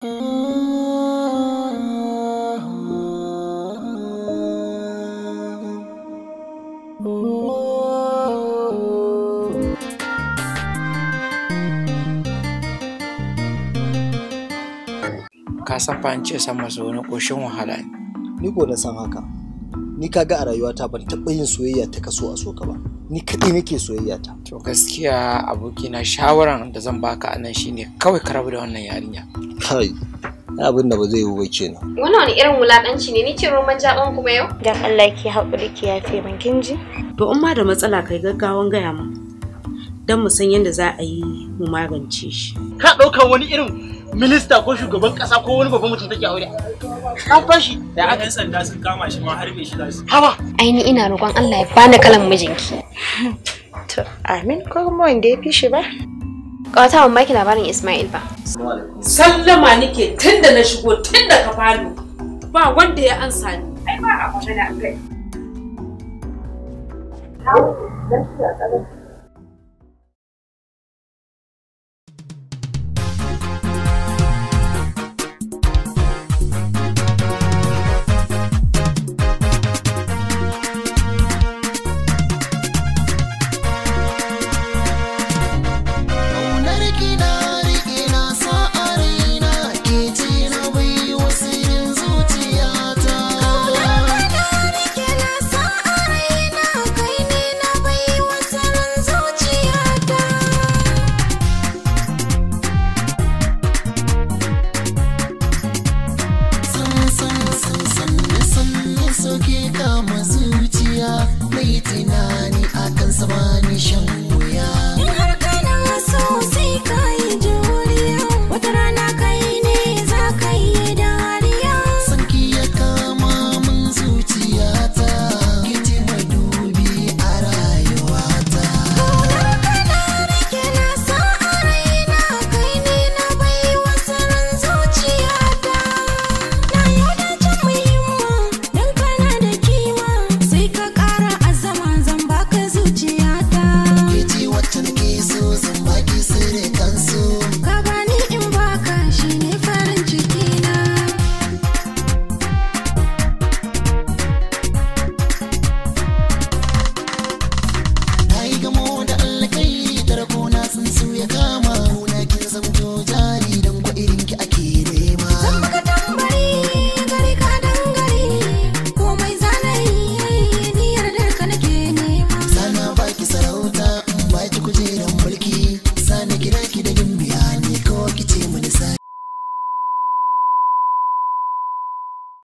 ka san fa an ce san masu wani ƙoshin wahala ne. Ni ko na san haka. Ni kaga a rayuwata ban taɓa yin soyayya ta kaso a soka ba. ni kaɗai nake soyayya ta to gaskiya abokina shawaran da zan baka anan shine kawai ka rabu da wannan yarinya kai abin da ba zai yiwu ba kenan wannan wani irin wulakanci ne ni ce roman jaban kuma yau dan Allah ki haƙuri ki yafe min kin ji to in da matsala kai gaggawan gaya mu don mu san yadda za a yi mu magance shi. Ka ɗauka wani irin minista ko shugaban ƙasa ko wani babban mutum take aure. An fashi da aka sanda sun kama shi ma harbe shi da su. Haba. Aini ina roƙon Allah ya bani kalan mijinki. To, amin ko kuma wanda ya fi shi ba. Ƙawata ban baki labarin Ismail ba. Sallama nake tun da na shigo tun da ka falo. Ba wanda ya ansa ni. Ai ba a magana kai. Lafiya suke kama zuciya mai tunani akan shan.